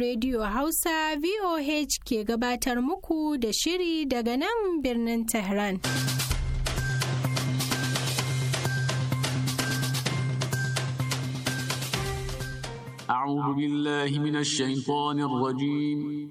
Radiyo Hausa voh ke gabatar muku da shiri daga nan birnin tehran A'a wajen yi magana da shiga wajen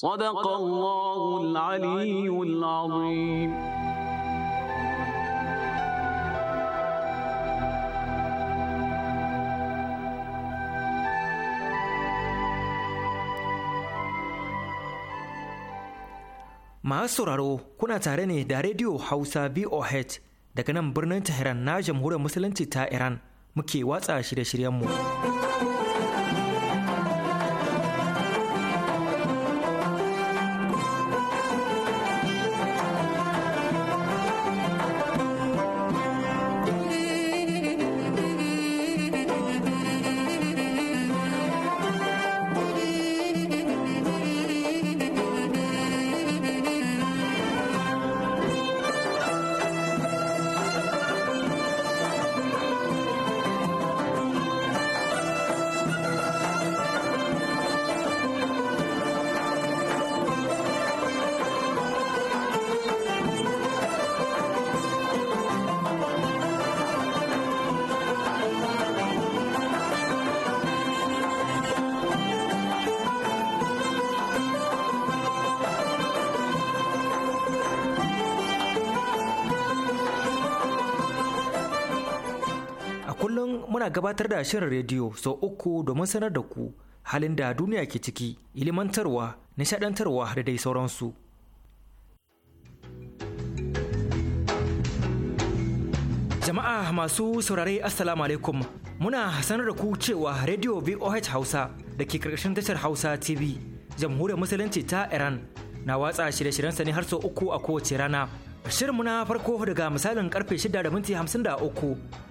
صدق الله العلي العظيم Ma'a sauraro kuna tare ne da Radio Hausa VOH daga nan birnin Tehran na Jamhuriyar Musulunci ta Iran muke watsa shirye-shiryenmu. gabatar da shirin rediyo sau uku domin sanar da ku halin da duniya ke ciki ilimantarwa nishadantarwa da dai sauransu jama'a masu saurare assalamu alaikum muna sanar da ku cewa rediyo voh hausa da ke karkashin tashar hausa tv jamhuriyar musulunci ta iran na watsa shirye-shiryensa ne har sau uku a kowace rana shirin muna farko daga misalin karfe 6 da minti 53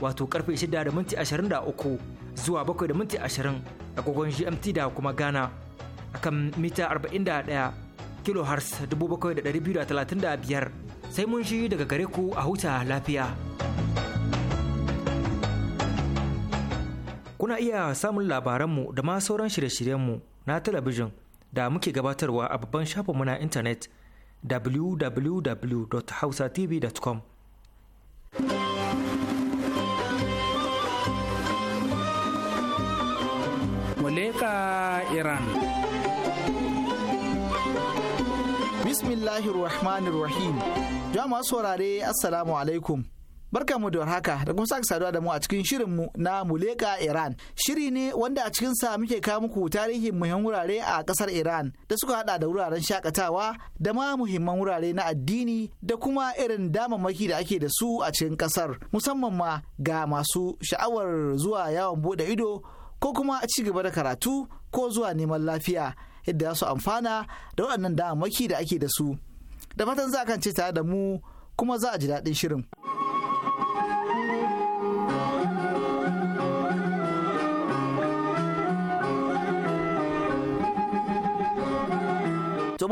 wato karfe 6:23 zuwa 7:20 da minti agogon GMT da kuma Ghana akan mita 41 kilohertz 7,235 sai mun shi daga gare ku a huta lafiya. Kuna iya samun labaranmu da ma sauran shirye-shiryenmu na talabijin da muke gabatarwa a babban shafinmu na intanet www.hausatv.com leka iran bismillahir rahmanir rahim jama'a saurare assalamu alaikum Barka mu da warhaka da kuma sake saduwa da mu a cikin shirinmu na Muleka Iran. Shiri ne wanda a cikin sa muke kawo muku tarihin muhimman wurare a kasar Iran da suka hada da wuraren shakatawa da ma muhimman wurare na addini da kuma irin damammaki da ake da su a cikin kasar. musamman ma ga masu sha'awar zuwa yawon bude ido ko kuma ci gaba da karatu ko zuwa neman lafiya yadda za su amfana da waɗannan damammaki da ake da su da fatan za a kan ce tare da mu kuma za a ji daɗin shirin.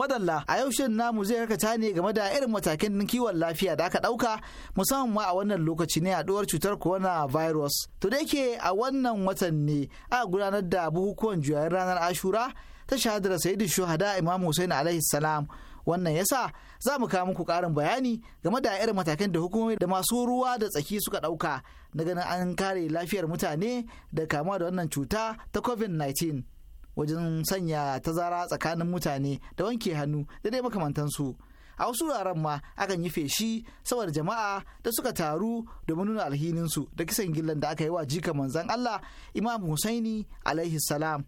madalla a yau shirin namu zai karkata ne game da irin matakin kiwon lafiya da aka ɗauka musamman ma a wannan lokaci ne yaduwar cutar corona virus To da yake a wannan watan ne a gudanar da bukukuwan juyayin ranar Ashura ta shahadar Sayyidu Shuhada Imam Hussein alaihi salam. Wannan yasa za mu kawo muku karin bayani game da irin matakan da hukumomi da masu ruwa da tsaki suka ɗauka na ganin an kare lafiyar mutane da kamuwa da wannan cuta ta COVID-19. wajen sanya ta zara tsakanin mutane da wanke hannu da dai makamantansu a wasu wuraren ma akan yi feshi saboda jama'a da suka taru domin nuna alhininsu da kisan gillan da aka yi wa jika manzan Allah Imam Husaini alaihi salam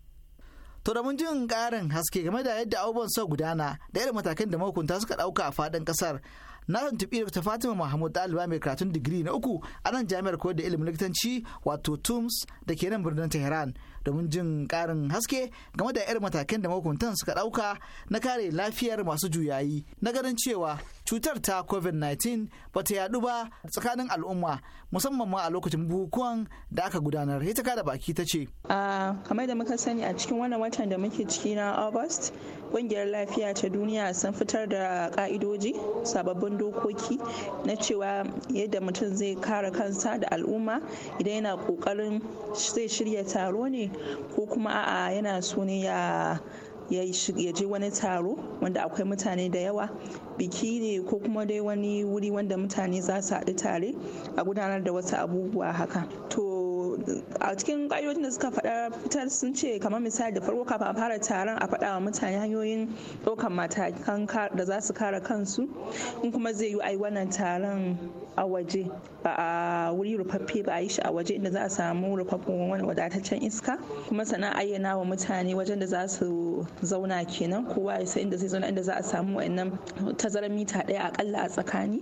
To da mun jin ƙarin haske game da yadda abubuwan sa gudana da irin matakan da mahukunta suka ɗauka a faɗin ƙasar na tuntuɓi ta fatima mahmud ɗaliba mai karatun digiri na uku a nan jami'ar koyar da ilimin likitanci wato tums da ke nan birnin tehran domin jin ƙarin haske game da irin matakan da mahukuntan suka ɗauka na kare lafiyar masu juyayi na ganin cewa cutar ta covid-19 ba ta yaɗu ba tsakanin al'umma musamman ma a lokacin bukukuwan da aka gudanar ita da baki ta ce ah, kamar da muka sani a cikin wannan watan da muke ciki na august kungiyar lafiya ta duniya sun fitar da ka'idoji sababbin dokoki na cewa yadda mutum zai kare kansa da al'umma idan yana kokarin zai shirya taro ne ko kuma a'a yana so ne ya ya je wani taro wanda akwai mutane da yawa biki ne ko kuma dai wani wuri wanda mutane za su haɗu tare a gudanar da wasu abubuwa haka to a cikin ƙayoyin da suka faɗa fitar sun ce kamar misali da farko kafin a fara taron a faɗa wa mutane hanyoyin ɗaukan matakan da za su kare kansu in kuma zai yi ai wannan taron a waje ba a wuri rufaffe ba a yi shi a waje inda za a samu rufaffen wani wadataccen iska kuma sana'a yana wa mutane wajen da za su zauna kenan kowa ya san inda zai zauna inda za a samu wayannan tazarar mita ɗaya akalla a tsakani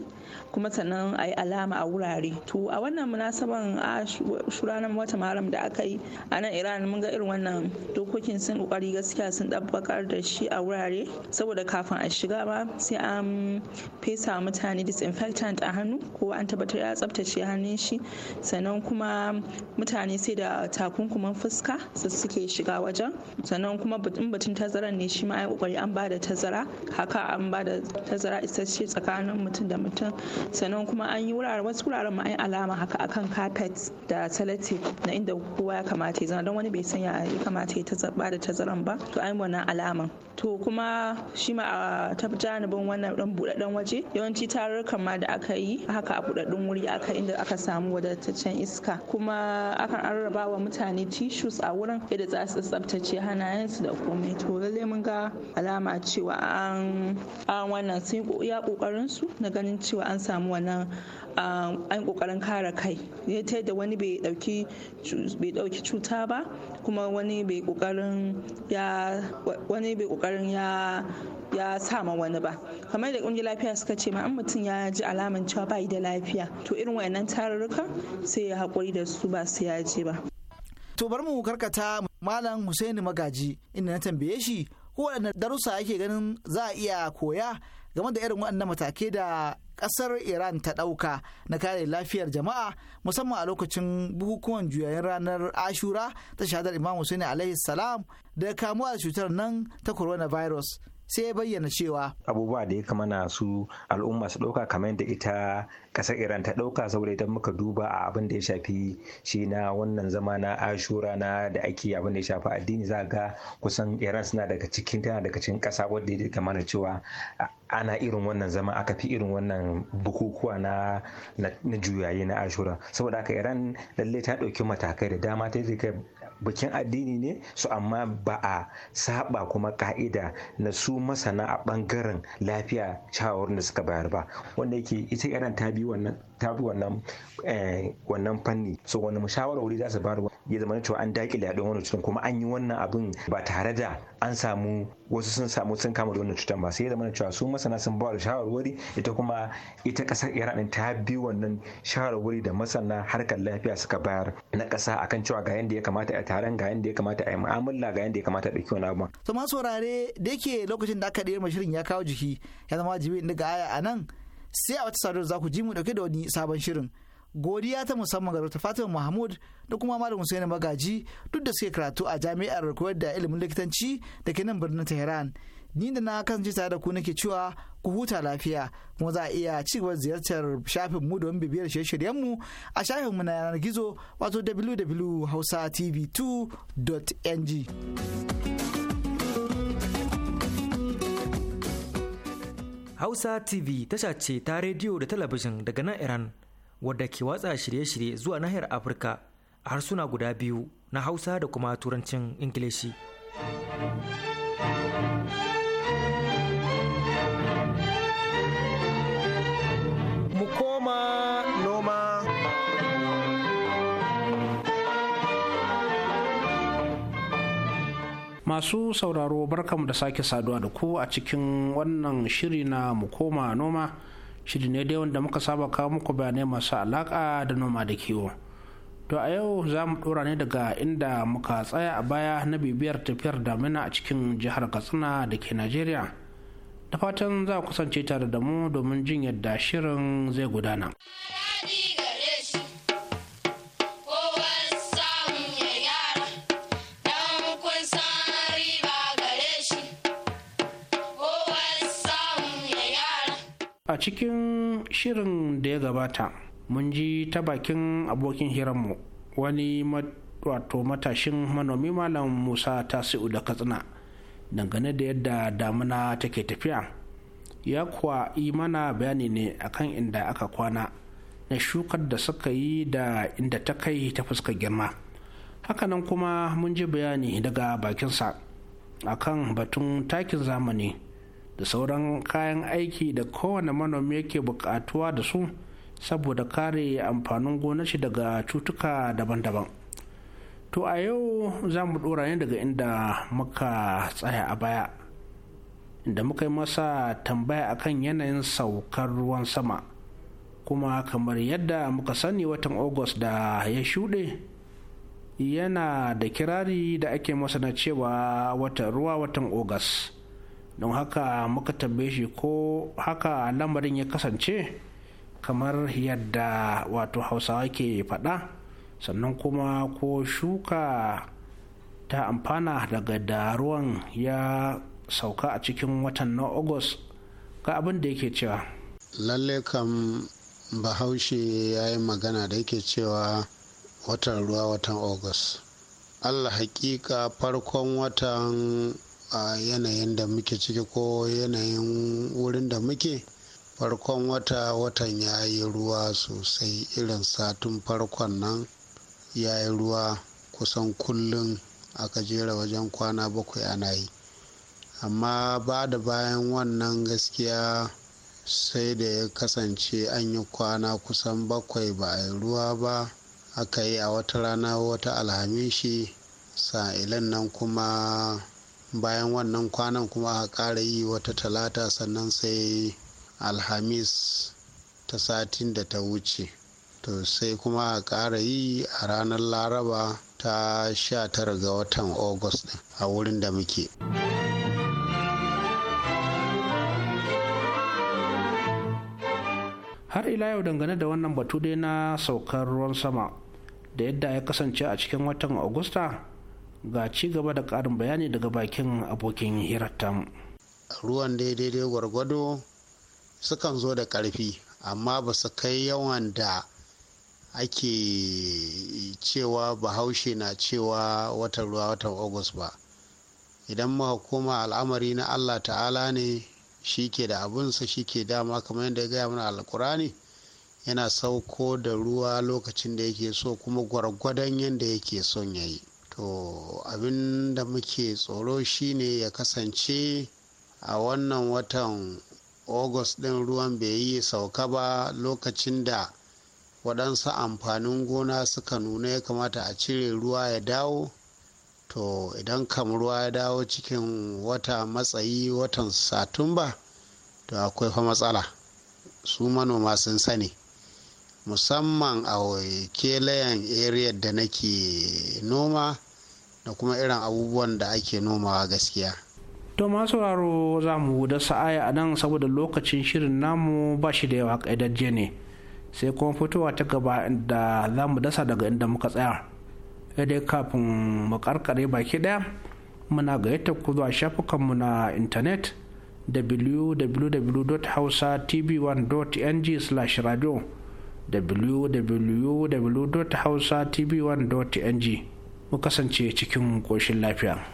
kuma sannan a yi alama a wurare to a wannan munasaban a shuranan wata maram da aka yi a nan iran mun ga irin wannan dokokin sun kokari gaskiya sun ɗabbakar da shi a wurare saboda kafin a shiga ma sai an fesa mutane disinfectant a hannu ko an tabbatar ya tsabtace hannun shi sannan kuma mutane sai da takunkuman fuska su suke shiga wajen sannan kuma in lokacin tazarar ne shi ma ya kokari an ba da tazara haka an ba da tazara isasshe tsakanin mutum da mutum sannan kuma an yi wuraren wasu wuraren ma alama haka akan carpet da salati na inda kowa ya kamata ya zama don wani bai san ya kamata ya ba da tazaran ba to an yi wannan alaman to kuma shi ma a ta janibin wannan dan budaden waje yawanci tarurrukan ma da aka yi haka a budaddun wuri aka inda aka samu wadataccen iska kuma akan an wa mutane tissues a wurin yadda za su tsabtace hannayensu da komai to lallai mun ga alama cewa an wannan sun yi ya kokarin su na ganin cewa an samu wannan an kokarin kare kai ne ta yadda wani bai dauki cuta ba kuma wani bai kokarin ya wani bai kokarin ya ya sama wani ba kamar da kungiyar lafiya suka ce ma an mutum ya ji alaman cewa bai da lafiya to irin wayannan tarurruka sai ya haƙuri da su ba su ji ba to bar mu karkata malam Hussein Magaji inda na tambaye shi ko waɗanne darussa ake ganin za a iya koya game da irin waɗannan matakai da ƙasar Iran ta ɗauka na kare lafiyar jama'a musamman a lokacin bukukuwan juyayen ranar Ashura ta shahadar Imam Hussein alaihi salam da kamuwa da cutar nan ta coronavirus. sai ya bayyana cewa abubuwa da ya kamana su al'umma su ɗauka kamar yadda ita ƙasar iran ta ɗauka saboda idan muka duba a abin da ya shafi shi na wannan zama na ashura na da ake abin da ya shafi addini za ga kusan iran suna daga cikin tana daga cikin ƙasa wadda ya na cewa ana irin wannan zama aka fi irin wannan bukukuwa na juyayi na ashura saboda haka iran lalle ta ɗauki matakai da dama ta yi bikin addini ne su amma ba a saba kuma ka'ida na su masana a ɓangaren lafiya shawarar da suka bayar ba wanda yake ita iran ta bi wannan ta bi wannan eh, wannan fanni so wani wuri za su bayar ya zama cewa an dakile yaɗuwar wannan cutar kuma an yi wannan abin ba tare da an samu wasu sun samu sun kama da wannan cutar ba sai ya zama cewa su masana sun ba da wuri ita kuma ita kasar iran din ta bi wannan shawarwari da masana harkar lafiya suka bayar na kasa akan cewa ga yanda ya kamata a taron ga yanda ya kamata a yi mu'amala ga yanda ya kamata a ɗauki wani abu. to masu wurare da yake lokacin da aka ɗaya mashirin ya kawo jiki ya zama jibi ga aya a nan sai a wata sadar za ku ji mu dauke da wani sabon shirin godiya ta musamman ga Dr. Fatima Mahmud da kuma Malam Hussein Magaji duk da suke karatu a jami'ar koyar da ilimin likitanci da ke nan birnin Tehran. Ni da na kasance tare da ku nake cewa ku huta lafiya kuma za a iya ci gaba ziyartar shafin mu domin bibiyar shirye-shiryen mu a shafin mu na yanar gizo wato www.hausa tv2.ng. Hausa TV tasha ce ta rediyo da talabijin daga nan Iran wadda ke watsa shirye-shirye zuwa nahiyar Afirka a harsuna guda biyu na Hausa da kuma Turancin Ingilishi. masu sauraro barkamu da sake saduwa da ku a cikin wannan shiri na mu koma noma shiri ne dai wanda muka saba kawo muku bayanai masu alaka da noma da kiwo to a yau za mu dora ne daga inda muka tsaya a baya na bibiyar tafiyar damina a cikin jihar katsina da ke najeriya da fatan za ku kusance tare da mu domin jin yadda shirin zai gudana. a cikin shirin da ya gabata mun ji ta bakin abokin hiranmu wani wato matashin manomi malam musa tasi'u da katsina dangane da yadda damuna take tafiya ya kuwa imana mana bayani ne akan inda aka kwana na shukar da suka yi da inda ta kai ta fuska girma hakanan kuma mun ji bayani daga bakinsa akan batun takin zamani da sauran kayan aiki da kowane manomi yake buƙatuwa da su saboda kare amfanin shi daga cutuka daban-daban to a yau za mu ɗora ne daga inda muka tsaya a baya inda muka yi masa tambaya akan yanayin saukar ruwan sama kuma kamar yadda muka sani watan august da ya shuɗe yana da kirari da ake masa na cewa watan ruwa watan ogas don haka muka tambaye shi ko haka lamarin ya kasance kamar yadda wato hausawa ke faɗa sannan kuma ko shuka ta amfana daga da ruwan ya sauka a cikin watan na ga abin da yake cewa lalle kam bahaushe ya yi magana da yake cewa watan ruwa watan agus allah hakika farkon watan a yanayin da muke ciki ko yanayin wurin da muke farkon wata watan ya yi ruwa sosai irin satin farkon nan ya yi ruwa kusan kullum aka jera wajen kwana bakwai ana yi amma ba da bayan wannan gaskiya sai da ya kasance an yi kwana kusan bakwai ba a yi ruwa ba aka yi a wata rana wata alhamishi sa'ilan nan kuma bayan wannan kwanan kuma a ƙara yi wata talata sannan sai alhamis ta satin da ta wuce to sai kuma a ƙara yi a ranar laraba ta sha 19 ga watan august a wurin da muke har ila yau dangane da wannan batu dai na saukar ruwan sama da yadda ya kasance a cikin watan agusta ga ci gaba da ƙarin bayani daga bakin abokin hirarta ruwan daidai gwargwado sukan zo da karfi amma ba su kai yawan da ake cewa bahaushe na cewa watan ruwa watan agus ba idan mahukuma al'amari na allah ta'ala ne shi ke da abinsa shi ke dama kamar yadda ya gaya mana alkurani yana sauko da ruwa lokacin da yake so kuma gwargwadon yadda yake son yayi to abin da muke tsoro shine ya kasance a wannan watan august ɗin ruwan bai yi sauka ba lokacin da waɗansu amfanin gona suka nuna ya kamata a cire ruwa ya dawo to idan kam ruwa ya dawo cikin wata matsayi watan satumba to akwai fa matsala su manoma sun sani musamman a kelayen area da nake noma da kuma irin abubuwan da ake nomawa gaskiya to masu sauraro za mu da sa'aya a nan saboda lokacin shirin namu ba shi da yawa ƙaidajje ne sai kuma fitowa ta gaba da za mu dasa daga inda muka tsaya dai kafin mu karkare baki daya muna gayyata ku zuwa shafukanmu na intanet www.hausatv1.ng/radio www.hausatv1.ng ku kasance cikin ƙoshin lafiya.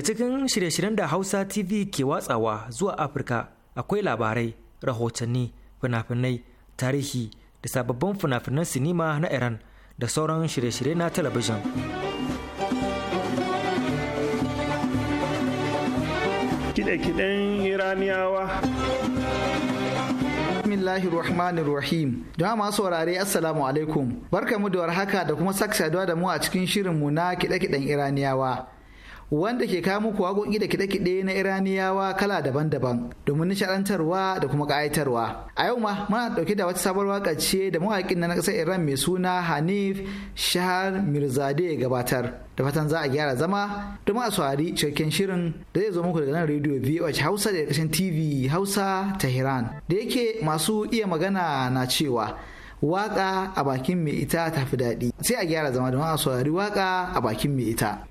Daga cikin shirye-shiryen da Hausa TV ke watsawa zuwa Afirka akwai labarai, rahotanni, fina-finai, tarihi da sababbin fina-finan sinima na Iran da sauran shirye-shirye na talabijin. Kide-kiden Iraniyawa bismillahir rahmanir rahim jama'a masu saurare assalamu alaikum barkamu da warhaka da kuma saksa da mu a cikin shirin mu na kide-kiden iraniyawa wanda ke kawo muku waƙoƙi da kiɗe-kiɗe na iraniyawa kala daban-daban domin nishaɗantarwa da kuma ƙayatarwa a yau ma muna ɗauke da wata sabuwar waƙa ce da mawaƙin na ƙasar iran mai suna hanif shahar mirzade gabatar da fatan za a gyara zama domin a saurari cikakken shirin da zai zo muku daga nan rediyo voh hausa da ƙarshen tv hausa tehran da yake masu iya magana na cewa waka a bakin mai ita tafi daɗi sai a gyara zama domin a saurari waka a bakin mai ita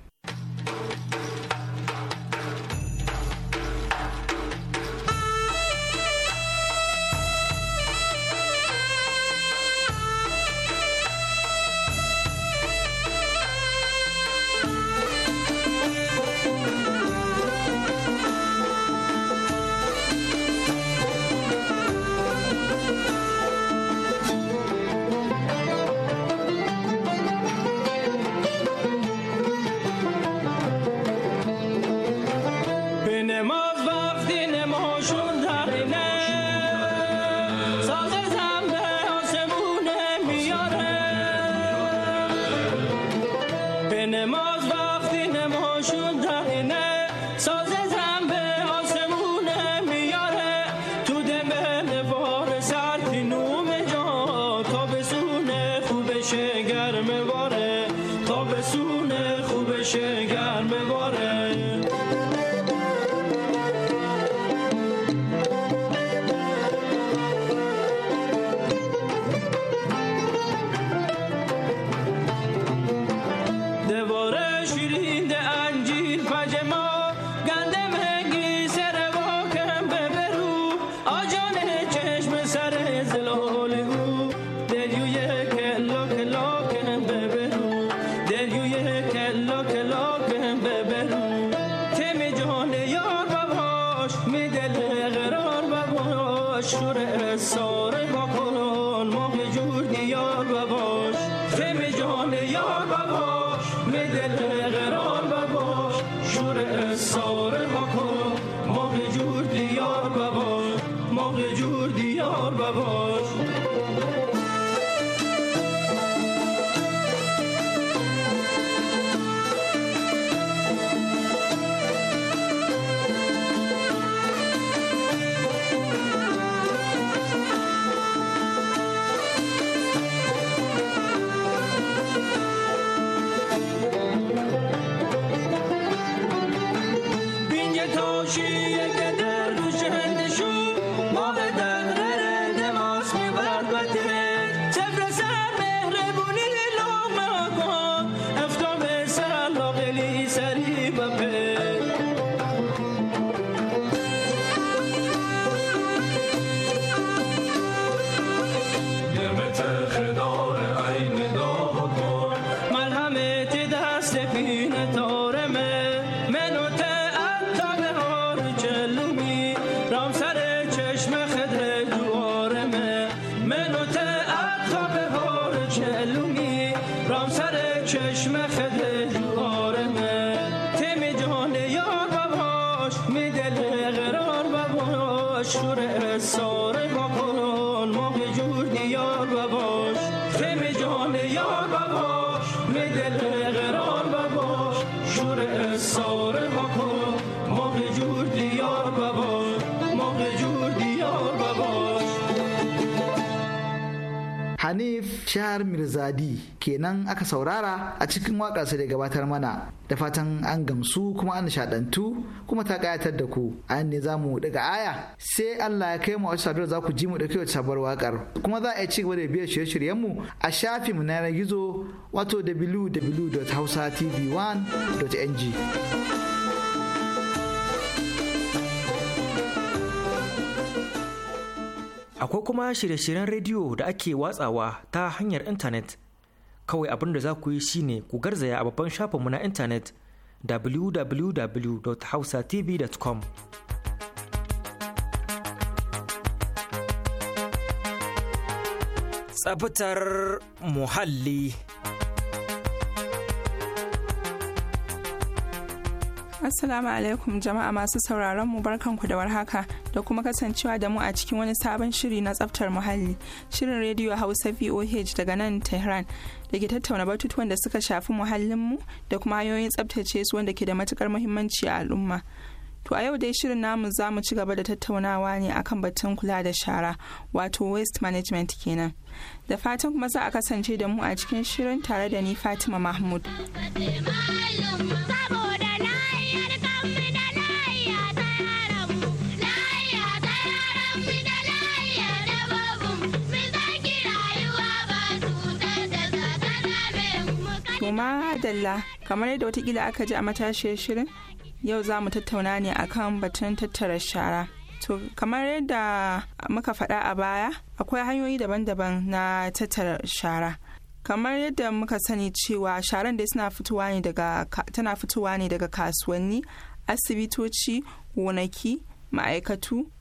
شور ساره با قرآن ما به جور دیار و با hanif shahar mirzadi kenan aka saurara a cikin waƙarsa da gabatar mana da fatan an gamsu kuma an nishaɗantu kuma ta ƙayatar da ku a ne za mu daga aya sai allah ya kai mu a sabuwar za ku ji mu da wata sabuwar waƙar kuma za a ci gaba da biyar shirye mu a shafin mu na yanar gizo wato www.hausatv1.ng Akwai kuma shirye-shiryen rediyo da ake watsawa ta hanyar intanet. Kawai abin da za ku yi shine ku garzaya a babban shafinmu na intanet www.hausatv.com. Tsabtar muhalli. Assalamu alaikum jama'a masu sauraron mu barkanku da warhaka da kuma kasancewa da mu a cikin wani sabon shiri na tsaftar muhalli shirin rediyo Hausa VOH daga nan Tehran da ke tattauna batutuwan da suka shafi muhallinmu da kuma hanyoyin tsaftace su wanda ke da matukar muhimmanci a al'umma. To a yau dai shirin namu za mu ci gaba da tattaunawa ne akan batun kula da shara wato waste management kenan. Da fatan kuma za a kasance da mu a cikin shirin tare da ni Fatima Mahmud. To dalla kamar yadda watakila aka ji a matashiyar shirin yau za mu tattauna ne akan batun tattara shara. To kamar yadda muka faɗa a baya akwai hanyoyi daban-daban na tattara shara. kamar yadda muka sani cewa sharan da tana fitowa ne daga kasuwanni asibitoci gonaki ma'aikatu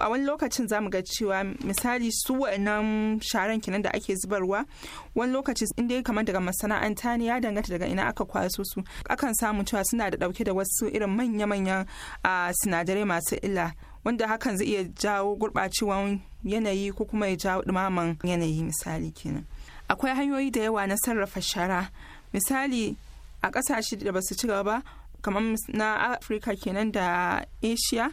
a wani lokacin zamu ga cewa misali su wa'annan sharan kenan da ake zubarwa wani lokaci inda kamar daga masana'anta ne ya danganta daga ina aka kwaso su akan samu cewa suna da dauke da wasu irin manya-manyan sinadarai masu illa wanda hakan zai iya jawo gurɓacewan yanayi ko kuma ya jawo ɗumaman yanayi misali kenan akwai hanyoyi da yawa na sarrafa shara misali a kasashe da basu su ci gaba kamar na afirka kenan da asia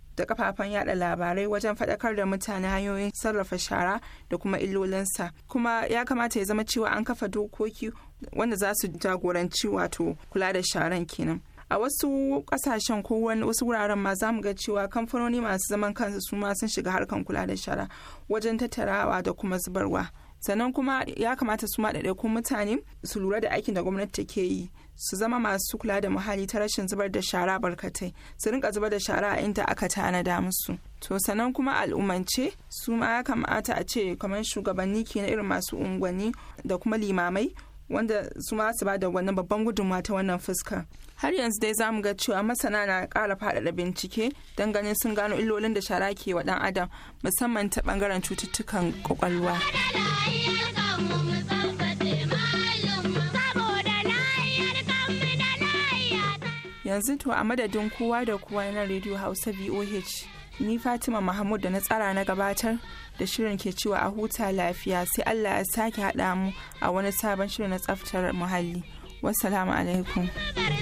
da kafafen yada labarai wajen faɗakar da mutane hanyoyin sarrafa shara da kuma illolinsa kuma ya kamata ya zama cewa an kafa dokoki wanda za su jagoranci wato kula da sharan kenan a wasu kasashen ko wasu wuraren ma za mu ga cewa kamfanoni masu zaman kansu su ma sun shiga harkan kula da shara wajen tattarawa da kuma zubarwa sannan kuma ya kamata su ma ɗaiɗaikun mutane su lura da aikin da gwamnati take yi su zama masu kula da muhalli ta rashin zubar da shara barkatai su rinka zubar da shara a inda aka tanada musu to sannan kuma al'umance su ma ya kamata a ce kamar shugabanni ke na irin masu unguwanni da kuma limamai wanda su ma su ba da wannan babban gudunmawa ta wannan fuska. har yanzu dai zamu ga cewa masana na ƙara faɗaɗa bincike don ganin sun gano illolin da shara ke wa ɗan adam musamman ta ɓangaren cututtukan ƙwaƙwalwa. yanzu to a madadin kowa da kowa na radio hausa voh ni fatima mahmud da na tsara na gabatar da shirin ke cewa a huta lafiya sai allah ya sake haɗa mu a wani sabon shirin na tsaftar muhalli wassalamu alaikum